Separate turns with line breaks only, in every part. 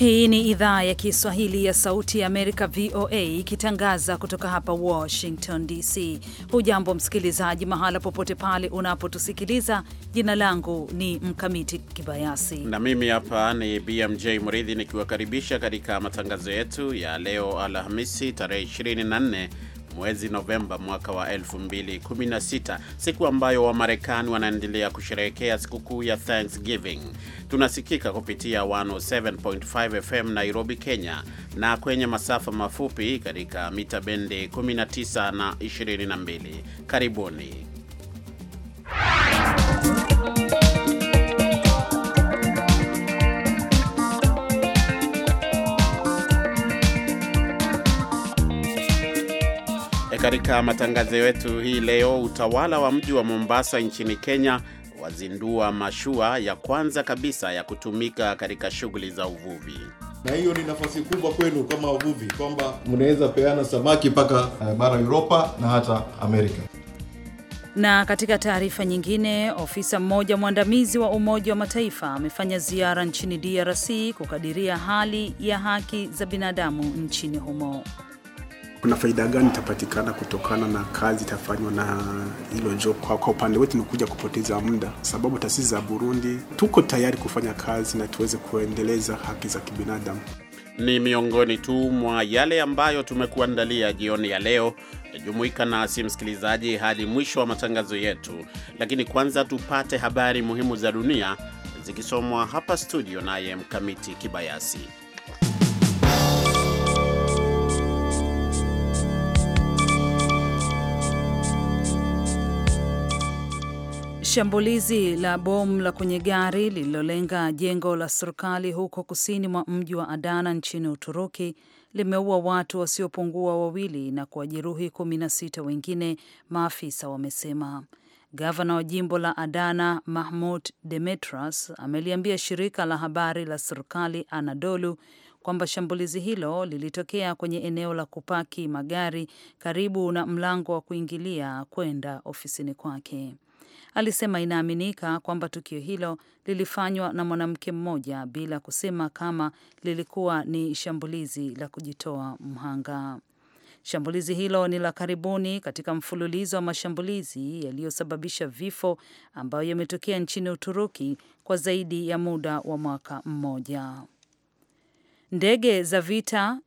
Hii ni idhaa ya Kiswahili ya Sauti ya Amerika, VOA, ikitangaza kutoka hapa Washington DC. Hujambo msikilizaji, mahala popote pale unapotusikiliza. Jina langu ni Mkamiti Kibayasi
na mimi hapa ni BMJ Mridhi nikiwakaribisha katika matangazo yetu ya leo Alhamisi, tarehe 24 mwezi Novemba mwaka wa 2016, siku ambayo Wamarekani wanaendelea kusherehekea sikukuu ya Thanksgiving. Tunasikika kupitia 107.5 FM Nairobi, Kenya, na kwenye masafa mafupi katika mita bendi 19 na 22. Karibuni. katika matangazo yetu hii leo, utawala wa mji wa Mombasa nchini Kenya wazindua mashua ya kwanza kabisa ya kutumika katika shughuli za uvuvi.
Na hiyo ni nafasi kubwa kwenu kama wavuvi kwamba mnaweza peana samaki mpaka eh, bara Europa na hata Amerika.
Na katika taarifa nyingine, ofisa mmoja mwandamizi wa Umoja wa Mataifa amefanya ziara nchini DRC kukadiria hali ya haki za binadamu nchini humo
kuna faida gani itapatikana kutokana na kazi itafanywa na hilo jopo? Kwa, kwa upande wetu ni kuja kupoteza muda, sababu taasisi za Burundi tuko tayari kufanya kazi na tuweze kuendeleza haki za kibinadamu.
Ni miongoni tu mwa yale ambayo tumekuandalia jioni ya leo. Jumuika nasi msikilizaji, hadi mwisho wa matangazo yetu, lakini kwanza tupate habari muhimu za dunia zikisomwa hapa studio naye Mkamiti Kibayasi.
Shambulizi la bomu la kwenye gari lililolenga jengo la serikali huko kusini mwa mji wa Adana nchini Uturuki limeua watu wasiopungua wawili na kuwajeruhi kumi na sita wengine, maafisa wamesema. Gavana wa jimbo la Adana Mahmud Demetras ameliambia shirika la habari la serikali Anadolu kwamba shambulizi hilo lilitokea kwenye eneo la kupaki magari karibu na mlango wa kuingilia kwenda ofisini kwake alisema inaaminika kwamba tukio hilo lilifanywa na mwanamke mmoja bila kusema kama lilikuwa ni shambulizi la kujitoa mhanga. Shambulizi hilo ni la karibuni katika mfululizo wa mashambulizi yaliyosababisha vifo ambayo yametokea nchini Uturuki kwa zaidi ya muda wa mwaka mmoja. Ndege za vita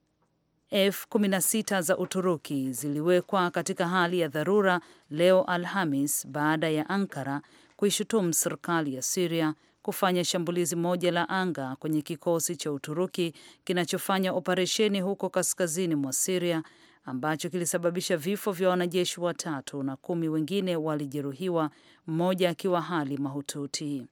F16 za Uturuki ziliwekwa katika hali ya dharura leo Alhamis baada ya Ankara kuishutumu serikali ya Siria kufanya shambulizi moja la anga kwenye kikosi cha Uturuki kinachofanya operesheni huko kaskazini mwa Siria ambacho kilisababisha vifo vya wanajeshi watatu na kumi wengine walijeruhiwa, mmoja akiwa hali mahututi.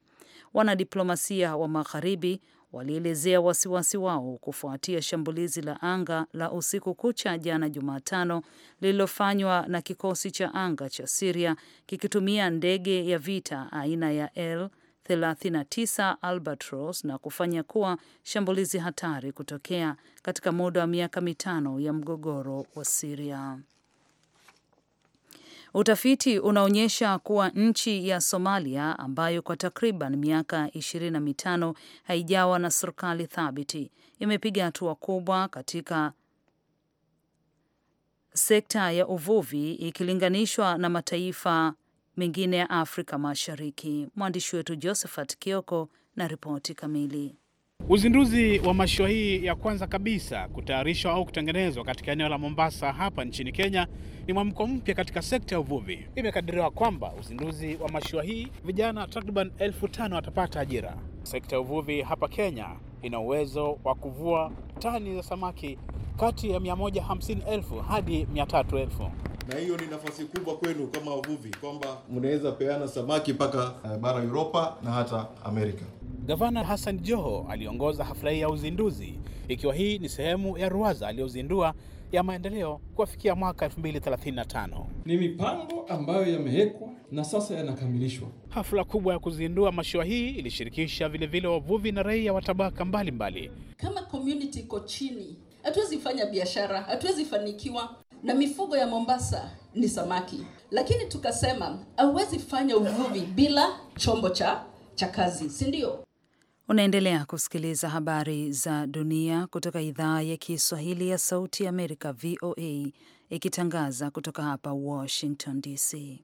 Wanadiplomasia wa Magharibi walielezea wasiwasi wao kufuatia shambulizi la anga la usiku kucha jana Jumatano lililofanywa na kikosi cha anga cha Siria kikitumia ndege ya vita aina ya L 39 Albatros na kufanya kuwa shambulizi hatari kutokea katika muda wa miaka mitano ya mgogoro wa Siria. Utafiti unaonyesha kuwa nchi ya Somalia ambayo kwa takriban miaka ishirini na mitano haijawa na serikali thabiti imepiga hatua kubwa katika sekta ya uvuvi ikilinganishwa na mataifa mengine ya Afrika Mashariki. Mwandishi wetu Josephat Kioko na ripoti kamili. Uzinduzi wa mashua hii ya kwanza kabisa
kutayarishwa au kutengenezwa katika eneo la Mombasa hapa nchini Kenya ni mwamko mpya katika sekta ya uvuvi. Imekadiriwa kwamba uzinduzi wa mashua hii vijana takriban elfu tano watapata ajira. Sekta ya uvuvi hapa Kenya ina uwezo wa kuvua tani za samaki kati ya 150,000 hadi 300,000
na hiyo ni nafasi kubwa kwenu kama wavuvi kwamba mnaweza peana samaki mpaka eh, bara Europa na hata Amerika.
Gavana Hassan Joho aliongoza hafla hii ya uzinduzi ikiwa hii ni sehemu ya ruwaza aliyozindua ya maendeleo kufikia mwaka 2035. Ni mipango ambayo yamewekwa na sasa yanakamilishwa. Hafla kubwa ya kuzindua mashua hii ilishirikisha vilevile wavuvi na raia wa tabaka mbalimbali.
Kama community iko chini, hatuwezi fanya biashara, hatuwezi fanikiwa. Na mifugo ya Mombasa ni samaki, lakini tukasema hauwezi fanya uvuvi bila chombo cha cha kazi, si ndio? Unaendelea kusikiliza habari za dunia kutoka idhaa ya Kiswahili ya Sauti ya Amerika, VOA, ikitangaza kutoka hapa Washington DC.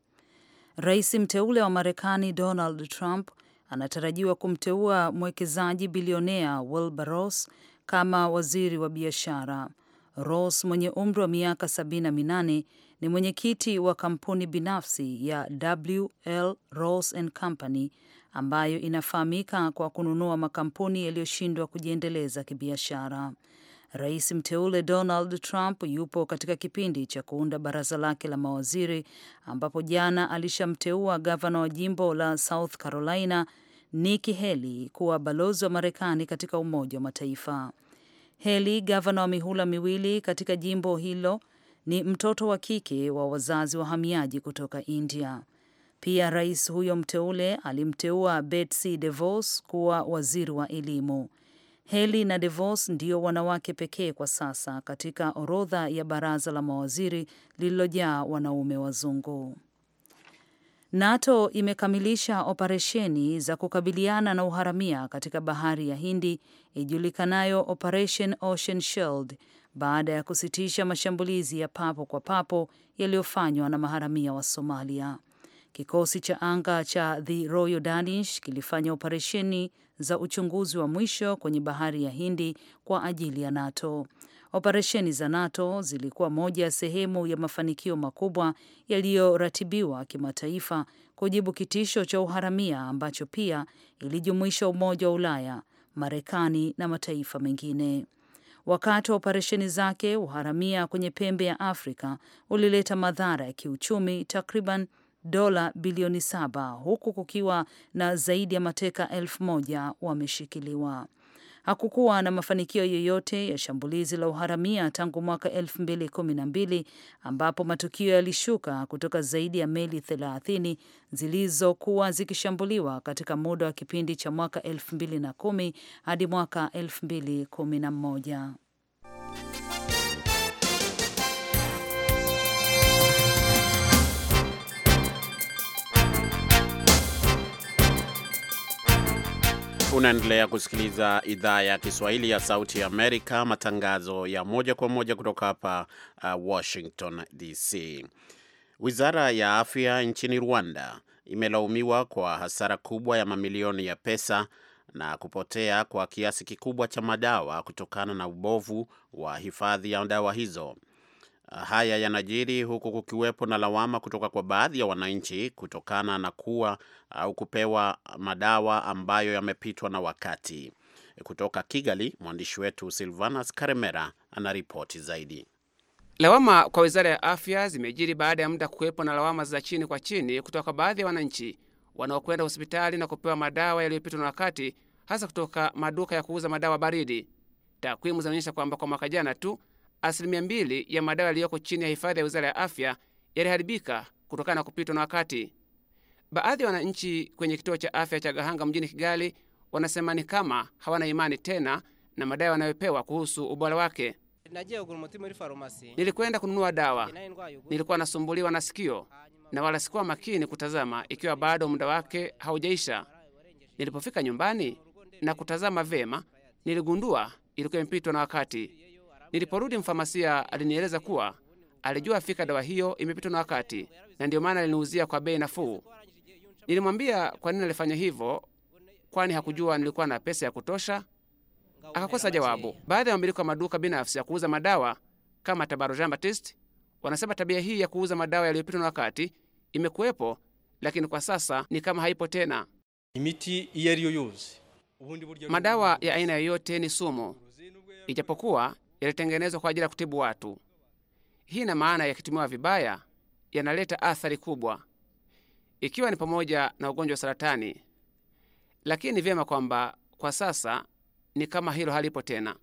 Rais mteule wa Marekani Donald Trump anatarajiwa kumteua mwekezaji bilionea Wilbur Ross kama waziri wa biashara. Ross mwenye umri wa miaka 78 ni mwenyekiti wa kampuni binafsi ya WL Ross and Company ambayo inafahamika kwa kununua makampuni yaliyoshindwa kujiendeleza kibiashara. Rais mteule Donald Trump yupo katika kipindi cha kuunda baraza lake la mawaziri ambapo jana alishamteua gavana wa jimbo la South Carolina Nikki Haley kuwa balozi wa Marekani katika Umoja wa Mataifa. Haley, gavana wa mihula miwili katika jimbo hilo, ni mtoto wa kike wa wazazi wahamiaji kutoka India. Pia rais huyo mteule alimteua Betsy DeVos kuwa waziri wa elimu. Haley na DeVos ndio wanawake pekee kwa sasa katika orodha ya baraza la mawaziri lililojaa wanaume wazungu. NATO imekamilisha operesheni za kukabiliana na uharamia katika bahari ya Hindi ijulikanayo Operation Ocean Shield baada ya kusitisha mashambulizi ya papo kwa papo yaliyofanywa na maharamia wa Somalia. Kikosi cha anga cha The Royal Danish kilifanya operesheni za uchunguzi wa mwisho kwenye bahari ya Hindi kwa ajili ya NATO. Operesheni za NATO zilikuwa moja ya sehemu ya mafanikio makubwa yaliyoratibiwa kimataifa kujibu kitisho cha uharamia ambacho pia ilijumuisha Umoja wa Ulaya, Marekani na mataifa mengine. Wakati wa operesheni zake, uharamia kwenye pembe ya Afrika ulileta madhara ya kiuchumi takriban dola bilioni saba huku kukiwa na zaidi ya mateka elfu moja wameshikiliwa. Hakukuwa na mafanikio yoyote ya shambulizi la uharamia tangu mwaka elfu mbili kumi na mbili ambapo matukio yalishuka kutoka zaidi ya meli thelathini zilizokuwa zikishambuliwa katika muda wa kipindi cha mwaka elfu mbili na kumi hadi mwaka elfu mbili kumi na mmoja.
Unaendelea kusikiliza idhaa ya Kiswahili ya Sauti ya Amerika, matangazo ya moja kwa moja kutoka hapa uh, Washington DC. Wizara ya afya nchini Rwanda imelaumiwa kwa hasara kubwa ya mamilioni ya pesa na kupotea kwa kiasi kikubwa cha madawa kutokana na ubovu wa hifadhi ya dawa hizo. Haya yanajiri huku kukiwepo na lawama kutoka kwa baadhi ya wananchi kutokana na kuwa au kupewa madawa ambayo yamepitwa na wakati. Kutoka Kigali, mwandishi wetu Silvanas Karemera ana ripoti zaidi. Lawama kwa wizara ya afya zimejiri baada ya muda kuwepo na lawama
za chini kwa chini kutoka kwa baadhi ya wananchi wanaokwenda hospitali na kupewa madawa yaliyopitwa na wakati, hasa kutoka maduka ya kuuza madawa baridi. Takwimu zinaonyesha kwamba kwa mwaka jana tu asilimia mbili ya madawa yaliyoko chini ya hifadhi ya wizara ya afya yaliharibika kutokana na kupitwa na wakati. Baadhi ya wananchi kwenye kituo cha afya cha Gahanga mjini Kigali wanasema ni kama hawana imani tena na madawa wanayopewa kuhusu ubora wake. Nilikwenda kununua dawa, nilikuwa nasumbuliwa na sikio na wala sikuwa makini kutazama ikiwa bado muda wake haujaisha. Nilipofika nyumbani na kutazama vyema, niligundua ilikuwa imepitwa na wakati. Niliporudi, mfamasia alinieleza kuwa alijua fika dawa hiyo imepitwa na wakati na ndiyo maana aliniuzia kwa bei nafuu. Nilimwambia kwa nini alifanya hivyo, kwani hakujua nilikuwa na pesa ya kutosha. Akakosa jawabu. Baadhi ya wamiliki wa maduka binafsi ya kuuza madawa kama Tabaro Jean Baptiste wanasema tabia hii ya kuuza madawa yaliyopitwa na wakati imekuwepo, lakini kwa sasa ni kama haipo tena. Madawa ya aina yoyote ni sumu, ijapokuwa yalitengenezwa kwa ajili ya kutibu watu. Hii ina maana yakitumiwa vibaya yanaleta athari kubwa, ikiwa ni pamoja na ugonjwa wa saratani. Lakini ni vyema kwamba kwa sasa ni kama hilo halipo tena.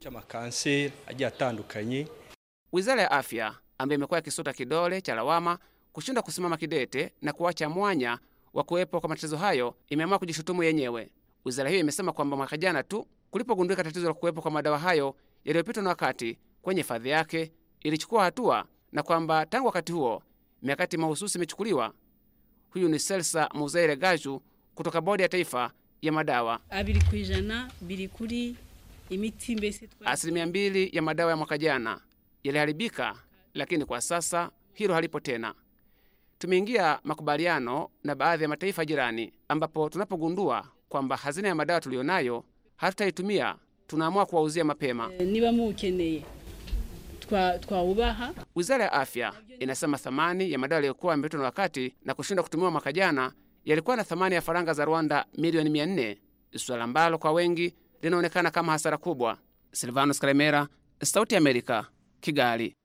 Wizara ya Afya ambayo imekuwa ikisuta kidole cha lawama kushindwa kusimama kidete na kuacha mwanya wa kuwepo kwa matatizo hayo, imeamua kujishutumu yenyewe. Wizara hiyo imesema kwamba mwaka jana tu kulipogundulika tatizo la kuwepo kwa madawa hayo yaliyopitwa na wakati kwenye hifadhi yake ilichukua hatua, na kwamba tangu wakati huo mikakati mahususi imechukuliwa. Huyu ni Selsa Muzaire Gaju kutoka Bodi ya Taifa ya Madawa. Asilimia mbili ya madawa ya mwaka jana yaliharibika, lakini kwa sasa hilo halipo tena. Tumeingia makubaliano na baadhi ya mataifa jirani, ambapo tunapogundua kwamba hazina ya madawa tuliyo nayo hatutaitumia tunaamua kuwauzia mapema. Eh, niba mukeneye Wizara ya Afya inasema thamani ya madawa yaliyokuwa yamepitwa na wakati na kushindwa kutumiwa mwaka jana yalikuwa na thamani ya faranga za Rwanda milioni 400, nne, swala ambalo kwa wengi linaonekana kama hasara kubwa. Silvanus Karemera, Sauti ya Amerika,
Kigali.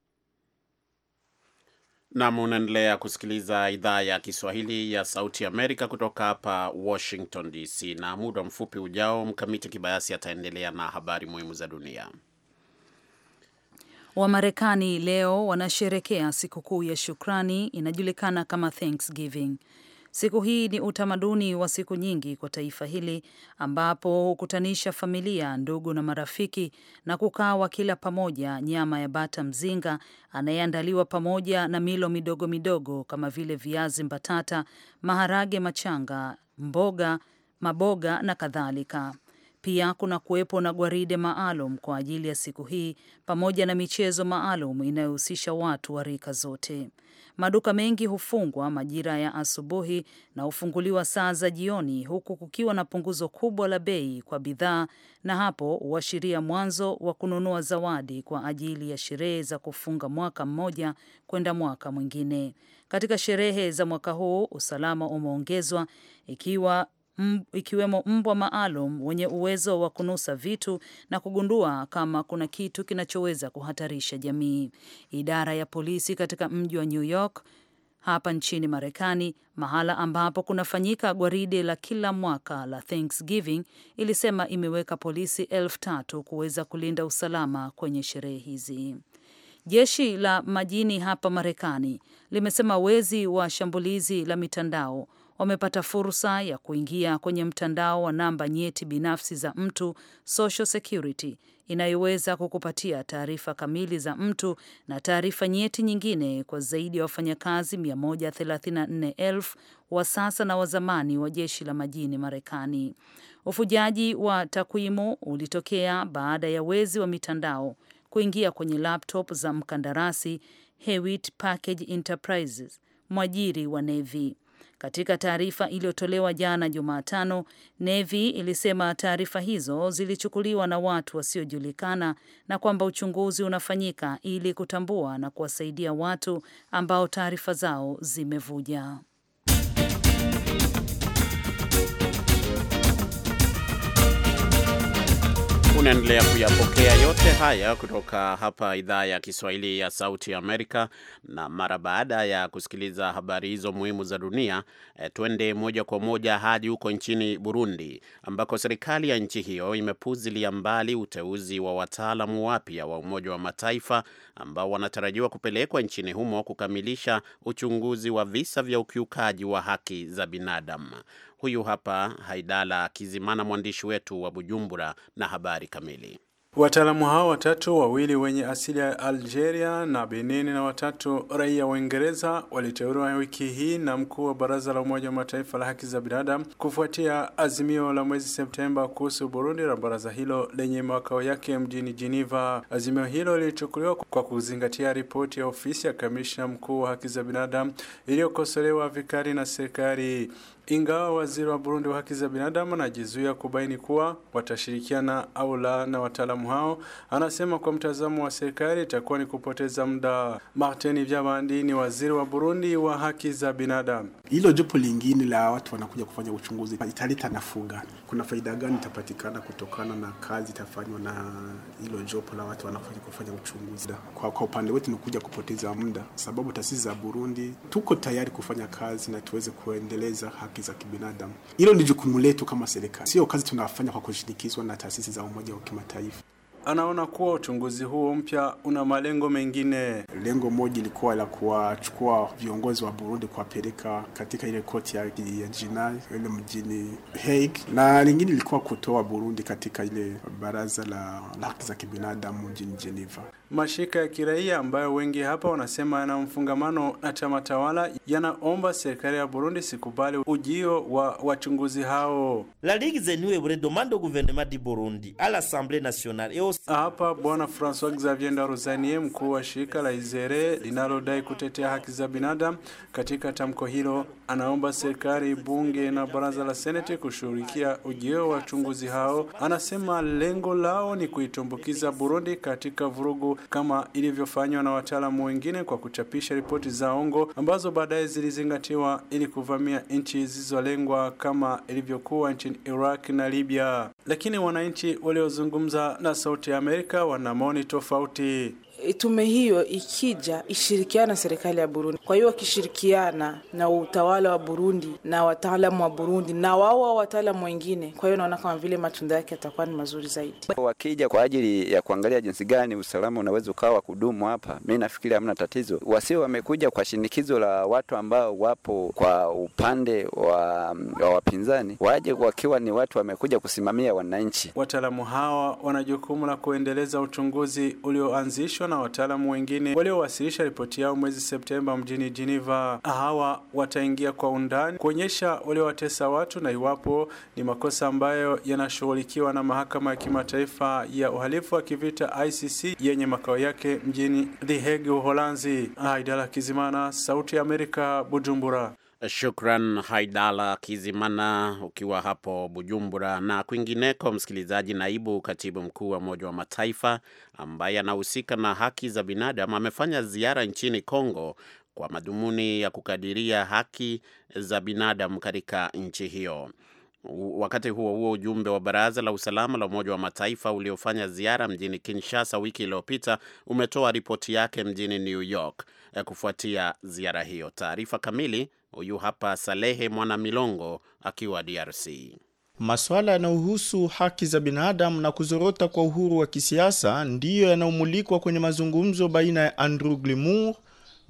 Nam, unaendelea kusikiliza idhaa ya Kiswahili ya Sauti Amerika kutoka hapa Washington DC, na muda mfupi ujao Mkamiti Kibayasi ataendelea na habari muhimu za dunia.
Wamarekani leo wanasherekea sikukuu ya Shukrani, inajulikana kama Thanksgiving. Siku hii ni utamaduni wa siku nyingi kwa taifa hili ambapo hukutanisha familia, ndugu na marafiki na kukaa wakila pamoja nyama ya bata mzinga anayeandaliwa pamoja na milo midogo midogo kama vile viazi mbatata, maharage machanga, mboga, maboga na kadhalika. Pia kuna kuwepo na gwaride maalum kwa ajili ya siku hii pamoja na michezo maalum inayohusisha watu wa rika zote. Maduka mengi hufungwa majira ya asubuhi na hufunguliwa saa za jioni, huku kukiwa na punguzo kubwa la bei kwa bidhaa, na hapo huashiria mwanzo wa kununua zawadi kwa ajili ya sherehe za kufunga mwaka mmoja kwenda mwaka mwingine. Katika sherehe za mwaka huu usalama umeongezwa ikiwa ikiwemo mbwa maalum wenye uwezo wa kunusa vitu na kugundua kama kuna kitu kinachoweza kuhatarisha jamii. Idara ya polisi katika mji wa New York hapa nchini Marekani, mahala ambapo kunafanyika gwaride la kila mwaka la Thanksgiving, ilisema imeweka polisi elfu tatu kuweza kulinda usalama kwenye sherehe hizi. Jeshi la majini hapa Marekani limesema wezi wa shambulizi la mitandao wamepata fursa ya kuingia kwenye mtandao wa namba nyeti binafsi za mtu Social Security inayoweza kukupatia taarifa kamili za mtu na taarifa nyeti nyingine kwa zaidi ya wafanyakazi 134,000 wa sasa na wa zamani wa jeshi la majini Marekani. Ufujaji wa takwimu ulitokea baada ya wezi wa mitandao kuingia kwenye laptop za mkandarasi Hewitt Package Enterprises, mwajiri wa Navy. Katika taarifa iliyotolewa jana Jumatano, Navy ilisema taarifa hizo zilichukuliwa na watu wasiojulikana na kwamba uchunguzi unafanyika ili kutambua na kuwasaidia watu ambao taarifa zao zimevuja.
Unaendelea kuyapokea yote haya kutoka hapa idhaa ya Kiswahili ya Sauti Amerika, na mara baada ya kusikiliza habari hizo muhimu za dunia e, twende moja kwa moja hadi huko nchini Burundi ambako serikali ya nchi hiyo imepuzilia mbali uteuzi wa wataalamu wapya wa Umoja wa Mataifa ambao wanatarajiwa kupelekwa nchini humo kukamilisha uchunguzi wa visa vya ukiukaji wa haki za binadamu. Huyu hapa Haidala Kizimana, mwandishi wetu wa Bujumbura na habari kamili.
Wataalamu hao watatu, wawili wenye asili ya Algeria na Benin na watatu raia wa Uingereza, waliteuliwa wiki hii na mkuu wa Baraza la Umoja wa Mataifa la Haki za Binadamu kufuatia azimio la mwezi Septemba kuhusu Burundi la baraza hilo lenye makao yake mjini Geneva. Azimio hilo lilichukuliwa kwa kuzingatia ripoti ya ofisi ya kamishna mkuu wa haki za binadamu iliyokosolewa vikali na serikali, ingawa waziri wa Burundi wa haki za binadamu anajizuia kubaini kuwa watashirikiana au la na wataalamu wataalamu hao, anasema kwa mtazamo wa serikali itakuwa ni kupoteza muda. Martin Vyabandi ni waziri wa Burundi wa haki za binadamu.
Hilo jopo lingine la watu wanakuja kufanya uchunguzi italeta nafuga, Kuna faida gani itapatikana kutokana na kazi itafanywa na hilo jopo la watu wanakuja kufanya uchunguzi? Kwa, kwa upande wetu ni kuja kupoteza muda, sababu taasisi za Burundi tuko tayari kufanya kazi na tuweze kuendeleza haki za kibinadamu. Hilo ni jukumu letu kama serikali, sio kazi tunafanya kwa kushinikizwa na taasisi za Umoja wa Kimataifa
anaona kuwa uchunguzi huo mpya una
malengo mengine. Lengo moja ilikuwa la kuwachukua viongozi wa Burundi kuwapeleka katika ile koti ya, ya jinai ile mjini Hague, na lingine ilikuwa kutoa Burundi katika ile baraza la haki za kibinadamu mjini Geneva.
Mashirika ya kiraia ambayo wengi hapa wanasema yana mfungamano na chama tawala yanaomba serikali ya Burundi sikubali ujio wa wachunguzi hao. La Ligue des Bure Demandes
au gouvernement du Burundi
à l'Assemblée nationale hapa Bwana Francois Xavier Ndarozanie, mkuu wa shirika la Izere linalodai kutetea haki za binadamu, katika tamko hilo anaomba serikali, bunge na baraza la seneti kushughulikia ujio wa wachunguzi hao. Anasema lengo lao ni kuitumbukiza Burundi katika vurugu kama ilivyofanywa na wataalamu wengine kwa kuchapisha ripoti za ongo ambazo baadaye zilizingatiwa ili kuvamia nchi zilizolengwa kama ilivyokuwa nchini Iraq na Libya. Lakini wananchi waliozungumza na sauti Sauti ya Amerika wana maoni tofauti.
Eh, tume hiyo ikija ishirikiana na serikali ya Burundi. Kwa hiyo wakishirikiana na utawala wa Burundi na wataalamu wa Burundi na wao wa wataalamu wengine, kwa hiyo naona kama vile matunda yake yatakuwa ni mazuri zaidi.
Wakija kwa ajili ya kuangalia jinsi gani usalama unaweza ukawa wa kudumu hapa, mi nafikiri hamna tatizo. Wasio wamekuja kwa shinikizo la watu ambao wapo kwa upande wa, wa wapinzani, waje wakiwa ni watu wamekuja kusimamia wananchi.
Wataalamu hawa wana jukumu la kuendeleza uchunguzi ulioanzishwa na wataalamu wengine waliowasilisha ripoti yao mwezi Septemba mjini Geneva. Hawa wataingia kwa undani kuonyesha waliowatesa watu na iwapo ni makosa ambayo yanashughulikiwa na mahakama ya kimataifa ya uhalifu wa kivita ICC yenye makao yake mjini The Hague, Uholanzi. Aidala Kizimana, Sauti ya Amerika, Bujumbura.
Shukran Haidala Kizimana ukiwa hapo Bujumbura na kwingineko. Msikilizaji, naibu katibu mkuu wa Umoja wa Mataifa ambaye anahusika na haki za binadamu amefanya ziara nchini Kongo kwa madhumuni ya kukadiria haki za binadamu katika nchi hiyo. Wakati huo huo, ujumbe wa baraza la usalama la Umoja wa Mataifa uliofanya ziara mjini Kinshasa wiki iliyopita umetoa ripoti yake mjini New York eh, kufuatia ziara hiyo. Taarifa kamili huyu hapa Salehe Mwanamilongo akiwa DRC.
Masuala yanayohusu haki za binadamu na kuzorota kwa uhuru wa kisiasa ndiyo yanayomulikwa kwenye mazungumzo baina ya Andrew Glimour,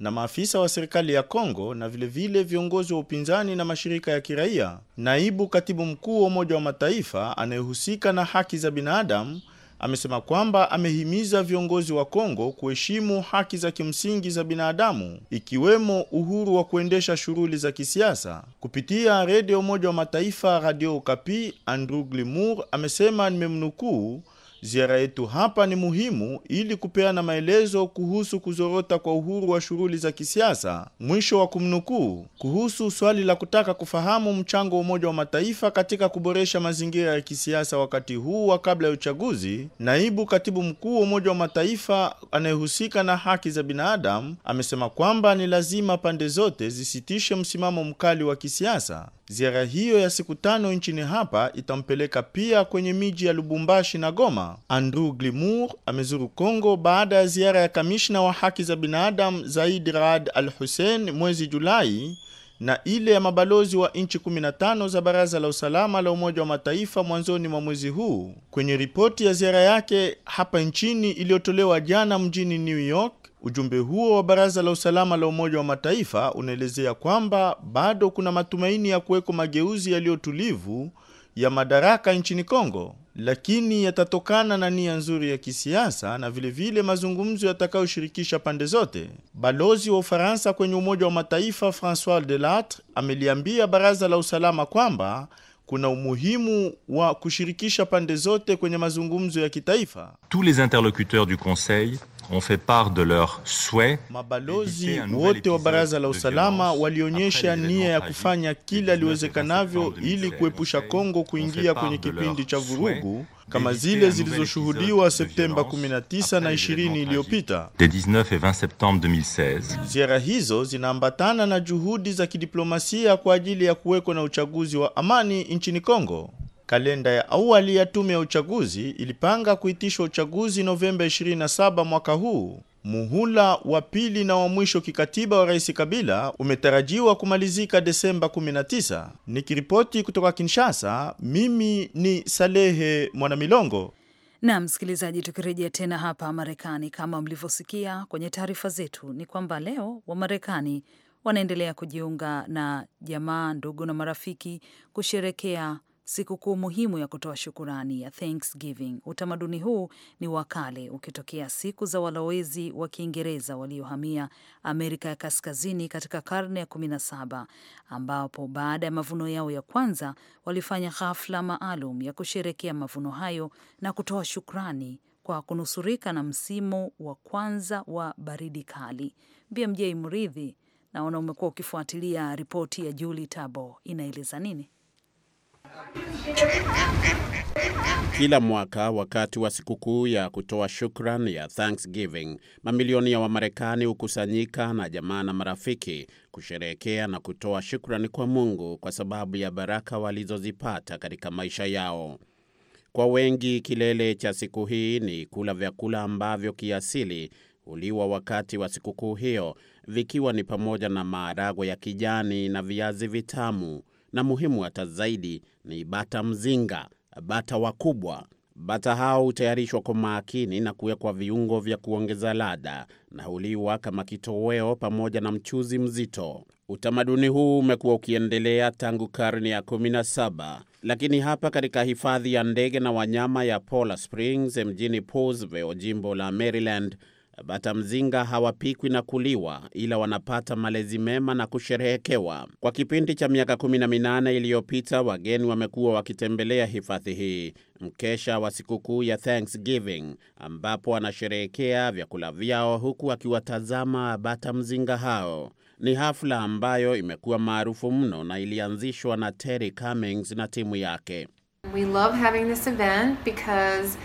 na maafisa wa serikali ya Kongo na vilevile vile viongozi wa upinzani na mashirika ya kiraia. Naibu katibu mkuu wa Umoja wa Mataifa anayehusika na haki za binadamu amesema kwamba amehimiza viongozi wa Kongo kuheshimu haki za kimsingi za binadamu ikiwemo uhuru wa kuendesha shughuli za kisiasa. Kupitia redio Umoja wa Mataifa Radio Kapi, Andrew Glimour amesema nimemnukuu, Ziara yetu hapa ni muhimu ili kupeana maelezo kuhusu kuzorota kwa uhuru wa shughuli za kisiasa. Mwisho wa kumnukuu. Kuhusu swali la kutaka kufahamu mchango wa Umoja wa Mataifa katika kuboresha mazingira ya kisiasa wakati huu wa kabla ya uchaguzi, naibu katibu mkuu wa Umoja wa Mataifa anayehusika na haki za binadamu amesema kwamba ni lazima pande zote zisitishe msimamo mkali wa kisiasa. Ziara hiyo ya siku tano nchini hapa itampeleka pia kwenye miji ya Lubumbashi na Goma. Andrew Glimour amezuru Kongo baada ya ziara ya kamishna wa haki za binadamu Zaid Raad Al Hussein mwezi Julai na ile ya mabalozi wa nchi 15 za Baraza la Usalama la Umoja wa Mataifa mwanzoni mwa mwezi huu. Kwenye ripoti ya ziara yake hapa nchini iliyotolewa jana mjini New York, Ujumbe huo wa Baraza la Usalama la Umoja wa Mataifa unaelezea kwamba bado kuna matumaini ya kuweko mageuzi yaliyotulivu ya madaraka nchini Kongo, lakini yatatokana na nia nzuri ya kisiasa na vilevile vile mazungumzo yatakayoshirikisha pande zote. Balozi wa Ufaransa kwenye Umoja wa Mataifa Francois Delattre ameliambia Baraza la Usalama kwamba kuna umuhimu wa kushirikisha pande zote kwenye mazungumzo ya kitaifa. Tous les interlocuteurs du Conseil ont fait part de leur souhait. Mabalozi wote wa Baraza la Usalama walionyesha nia ya kufanya kila liwezekanavyo ili kuepusha Kongo kuingia kwenye kipindi cha vurugu kama zile zilizoshuhudiwa Septemba 19 na 20 iliyopita. Ziara hizo zinaambatana na juhudi za kidiplomasia kwa ajili ya kuweko na uchaguzi wa amani nchini Kongo. Kalenda ya awali ya tume ya uchaguzi ilipanga kuitishwa uchaguzi Novemba 27 mwaka huu. Muhula wa pili na wa mwisho kikatiba wa Rais Kabila umetarajiwa kumalizika Desemba 19. Nikiripoti kutoka Kinshasa, mimi ni Salehe Mwanamilongo.
Na msikilizaji, tukirejea tena hapa Marekani, kama mlivyosikia kwenye taarifa zetu, ni kwamba leo Wamarekani wanaendelea kujiunga na jamaa, ndugu na marafiki kusherekea sikukuu muhimu ya kutoa shukurani ya Thanksgiving. Utamaduni huu ni wa kale ukitokea siku za walowezi wa Kiingereza waliohamia Amerika ya Kaskazini katika karne ya 17 ambapo baada ya mavuno yao ya kwanza walifanya ghafla maalum ya kusherekea mavuno hayo na kutoa shukrani kwa kunusurika na msimu wa kwanza wa baridi kali. BMJ Mridhi, naona umekuwa ukifuatilia ripoti ya Julie Tabo, inaeleza nini?
Kila mwaka wakati wa sikukuu ya kutoa shukran ya Thanksgiving, mamilioni ya Wamarekani hukusanyika na jamaa na marafiki kusherehekea na kutoa shukrani kwa Mungu kwa sababu ya baraka walizozipata katika maisha yao. Kwa wengi, kilele cha siku hii ni kula vyakula ambavyo kiasili huliwa wakati wa sikukuu hiyo, vikiwa ni pamoja na maharagwe ya kijani na viazi vitamu na muhimu hata zaidi ni bata mzinga, bata wakubwa. Bata hao hutayarishwa kwa makini na kuwekwa viungo vya kuongeza ladha na huliwa kama kitoweo pamoja na mchuzi mzito. Utamaduni huu umekuwa ukiendelea tangu karne ya 17, lakini hapa katika hifadhi ya ndege na wanyama ya Polar Springs mjini Paulsville, jimbo la Maryland, bata mzinga hawapikwi na kuliwa, ila wanapata malezi mema na kusherehekewa. Kwa kipindi cha miaka minane iliyopita, wageni wamekuwa wakitembelea hifadhi hii mkesha wa sikukuu ya Thanksgiving, ambapo wanasherehekea vyakula vyao huku wakiwatazama bata mzinga hao. Ni hafla ambayo imekuwa maarufu mno na ilianzishwa na Terry Cummings na timu yake.
We love having this event because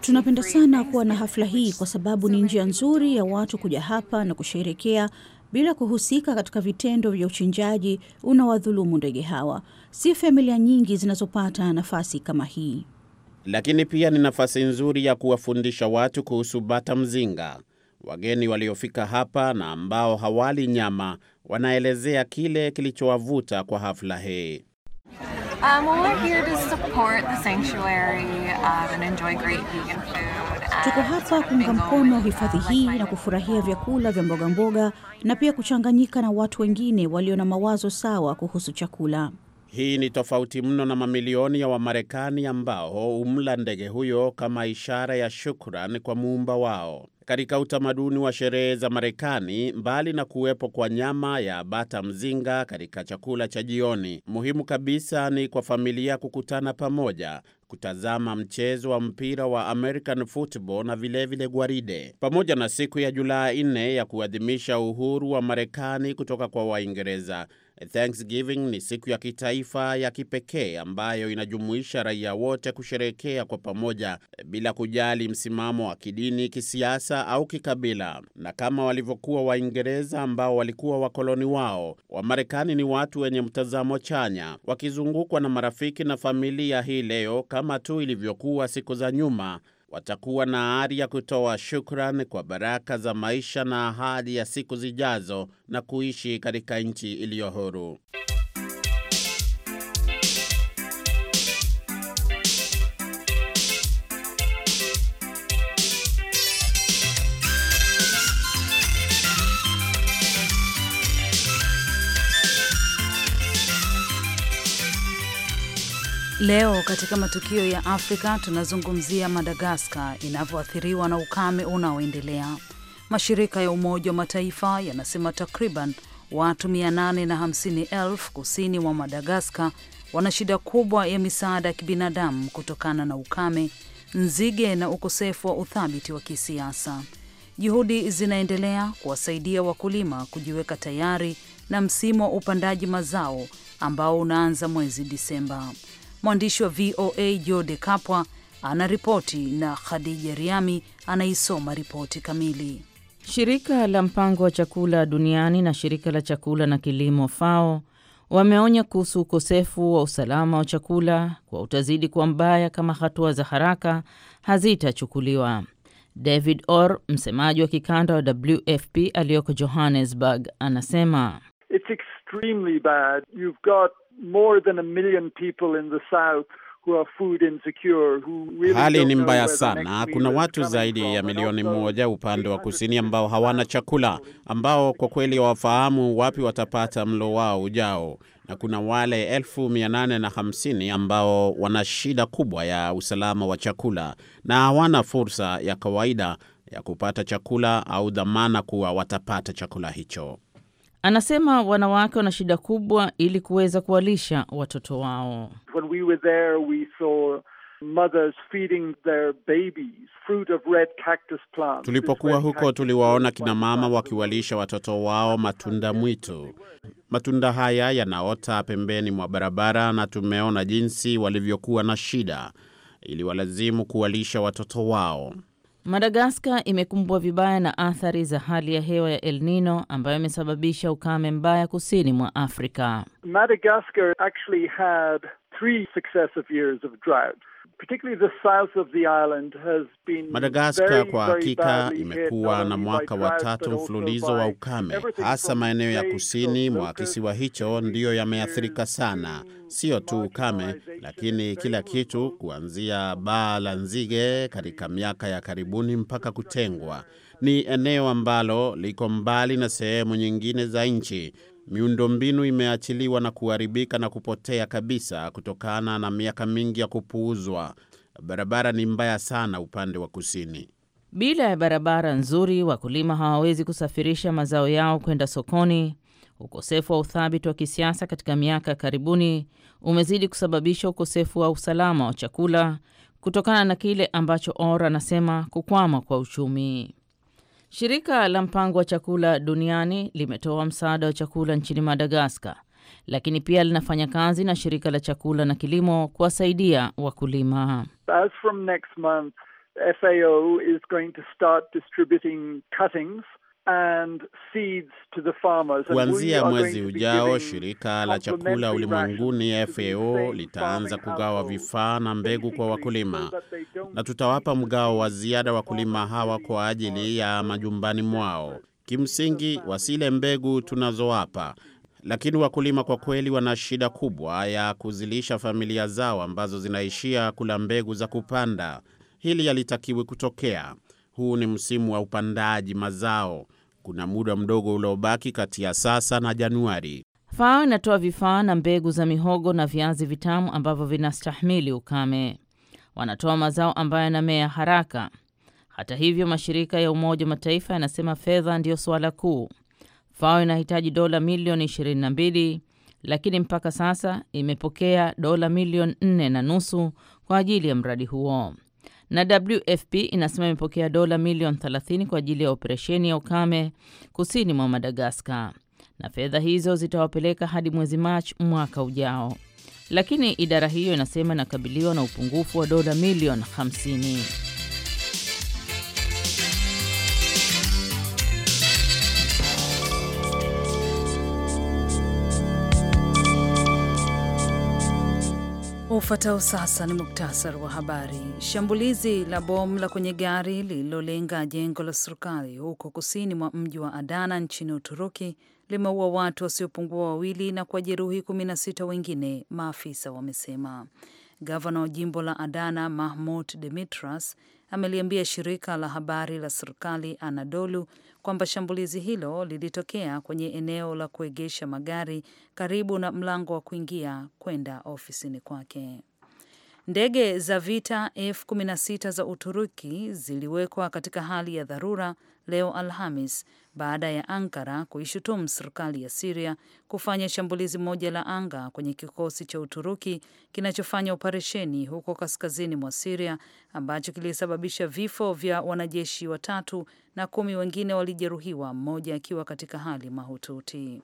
Tunapenda sana kuwa na hafla hii kwa sababu ni njia nzuri ya watu kuja hapa na kusherekea
bila kuhusika katika vitendo vya uchinjaji unawadhulumu ndege hawa. Si familia nyingi zinazopata nafasi kama hii.
Lakini pia ni nafasi nzuri ya kuwafundisha watu kuhusu bata mzinga. Wageni waliofika hapa na ambao hawali nyama wanaelezea kile kilichowavuta kwa hafla hii.
Um, well, we're here to support the sanctuary um, and enjoy great vegan food.
Tuko hapa kuunga mkono hifadhi hii na kufurahia vyakula vya mboga mboga, na pia kuchanganyika na watu wengine walio na mawazo sawa kuhusu chakula.
Hii ni tofauti mno na mamilioni ya Wamarekani ambao humla ndege huyo kama ishara ya shukran kwa muumba wao. Katika utamaduni wa sherehe za Marekani, mbali na kuwepo kwa nyama ya bata mzinga katika chakula cha jioni, muhimu kabisa ni kwa familia kukutana pamoja kutazama mchezo wa mpira wa American football na vilevile vile gwaride, pamoja na siku ya Julai nne ya kuadhimisha uhuru wa Marekani kutoka kwa Waingereza Thanksgiving ni siku ya kitaifa ya kipekee ambayo inajumuisha raia wote kusherehekea kwa pamoja bila kujali msimamo wa kidini, kisiasa au kikabila. Na kama walivyokuwa Waingereza ambao walikuwa wakoloni wao, Wamarekani ni watu wenye mtazamo chanya, wakizungukwa na marafiki na familia hii leo kama tu ilivyokuwa siku za nyuma watakuwa na ari ya kutoa shukran kwa baraka za maisha na ahadi ya siku zijazo na kuishi katika nchi iliyo huru.
Leo katika matukio ya Afrika tunazungumzia Madagaskar inavyoathiriwa na ukame unaoendelea. Mashirika ya Umoja wa Mataifa yanasema takriban watu 850,000 kusini mwa Madagaskar wana shida kubwa ya misaada ya kibinadamu kutokana na ukame, nzige na ukosefu wa uthabiti wa kisiasa. Juhudi zinaendelea kuwasaidia wakulima kujiweka tayari na msimu wa upandaji mazao ambao unaanza mwezi Disemba. Mwandishi wa VOA Jode Kapwa anaripoti na Khadija Riami anaisoma ripoti kamili.
Shirika la mpango wa chakula duniani na shirika la chakula na kilimo FAO wameonya kuhusu ukosefu wa usalama wa chakula kwa utazidi kuwa mbaya kama hatua za haraka hazitachukuliwa. David Orr, msemaji wa kikanda wa WFP aliyoko Johannesburg, anasema It's extremely bad. You've got more than a million people in the south who are food insecure, who really hali ni mbaya sana. Kuna watu
zaidi ya milioni moja upande wa kusini ambao hawana chakula, ambao kwa kweli hawafahamu wapi watapata mlo wao ujao, na kuna wale 850 ambao wana shida kubwa ya usalama wa chakula na hawana fursa ya kawaida ya kupata chakula au dhamana kuwa watapata chakula hicho.
Anasema wanawake wana shida kubwa ili kuweza kuwalisha watoto wao. When we were there, we saw mothers feeding their babies fruit of red cactus Tulipokuwa huko
tuliwaona kina mama wakiwalisha watoto wao matunda mwitu. Matunda haya yanaota pembeni mwa barabara na tumeona jinsi walivyokuwa na shida, ili walazimu kuwalisha watoto wao.
Madagaskar imekumbwa vibaya na athari za hali ya hewa ya El Nino ambayo imesababisha ukame mbaya kusini mwa Afrika. Madagascar actually had three successive years of drought. Madagaskar kwa hakika imekuwa na mwaka wa tatu
mfululizo wa ukame. Hasa maeneo ya kusini mwa kisiwa hicho ndiyo yameathirika sana, sio tu ukame, lakini kila kitu, kuanzia baa la nzige katika miaka ya karibuni mpaka kutengwa. Ni eneo ambalo liko mbali na sehemu nyingine za nchi miundombinu imeachiliwa na kuharibika na kupotea kabisa kutokana na miaka mingi ya kupuuzwa. Barabara ni mbaya sana upande wa kusini.
Bila ya barabara nzuri, wakulima hawawezi kusafirisha mazao yao kwenda sokoni. Ukosefu wa uthabiti wa kisiasa katika miaka ya karibuni umezidi kusababisha ukosefu wa usalama wa chakula kutokana na kile ambacho Or anasema kukwama kwa uchumi. Shirika la mpango wa chakula duniani limetoa msaada wa chakula nchini Madagaskar, lakini pia linafanya kazi na shirika la chakula na kilimo kuwasaidia wakulima. As from next month, FAO is going to start distributing cuttings Kuanzia mwezi ujao
shirika la chakula ulimwenguni FAO litaanza kugawa vifaa na mbegu kwa wakulima, na tutawapa mgao wa ziada wakulima hawa kwa ajili ya majumbani mwao. Kimsingi wasile mbegu tunazowapa, lakini wakulima kwa kweli wana shida kubwa ya kuzilisha familia zao ambazo zinaishia kula mbegu za kupanda. Hili halitakiwi kutokea huu ni msimu wa upandaji mazao. Kuna muda mdogo uliobaki kati ya sasa na Januari.
FAO inatoa vifaa na mbegu za mihogo na viazi vitamu ambavyo vinastahimili ukame. Wanatoa mazao ambayo yanamea haraka. Hata hivyo, mashirika ya Umoja wa Mataifa yanasema fedha ndiyo suala kuu. FAO inahitaji dola milioni 22 lakini mpaka sasa imepokea dola milioni nne na nusu kwa ajili ya mradi huo na WFP inasema imepokea dola milioni 30 kwa ajili ya operesheni ya ukame kusini mwa Madagaskar, na fedha hizo zitawapeleka hadi mwezi Machi mwaka ujao, lakini idara hiyo inasema inakabiliwa na upungufu wa dola milioni 50.
Ufuatao sasa ni muktasari wa habari. Shambulizi la bomu la kwenye gari lililolenga jengo la serikali huko kusini mwa mji wa Adana nchini Uturuki limeua watu wasiopungua wawili na kuwajeruhi kumi na sita wengine, maafisa wamesema. Gavana wa jimbo la Adana mahmud Demitras ameliambia shirika la habari la serikali Anadolu kwamba shambulizi hilo lilitokea kwenye eneo la kuegesha magari karibu na mlango wa kuingia kwenda ofisini kwake. Ndege za vita F16 za Uturuki ziliwekwa katika hali ya dharura leo Alhamis baada ya Ankara kuishutumu serikali ya Siria kufanya shambulizi moja la anga kwenye kikosi cha Uturuki kinachofanya operesheni huko kaskazini mwa Siria ambacho kilisababisha vifo vya wanajeshi watatu na kumi wengine walijeruhiwa, mmoja akiwa katika hali mahututi.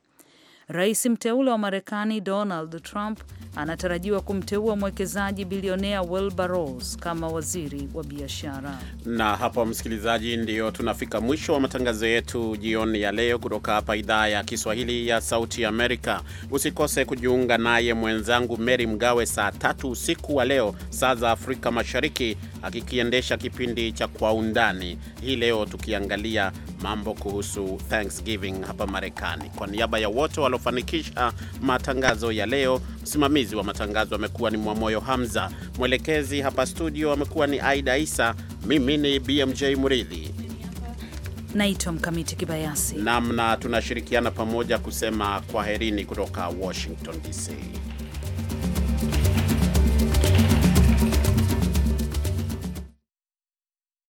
Rais mteule wa Marekani Donald Trump anatarajiwa kumteua mwekezaji bilionea Wilbur Ross kama waziri wa biashara.
Na hapa, msikilizaji, ndio tunafika mwisho wa matangazo yetu jioni ya leo kutoka hapa idhaa ya Kiswahili ya Sauti Amerika. Usikose kujiunga naye mwenzangu Mary Mgawe saa tatu usiku wa leo, saa za Afrika Mashariki, akikiendesha kipindi cha Kwa Undani hii leo, tukiangalia mambo kuhusu Thanksgiving hapa Marekani. Kwa niaba ya wote lililofanikisha matangazo ya leo. Msimamizi wa matangazo amekuwa ni Mwamoyo Hamza, mwelekezi hapa studio amekuwa ni Aida Isa, mimi ni BMJ Muridhi
naitwa Mkamiti Kibayasi
namna na tunashirikiana pamoja kusema kwaherini kutoka Washington DC.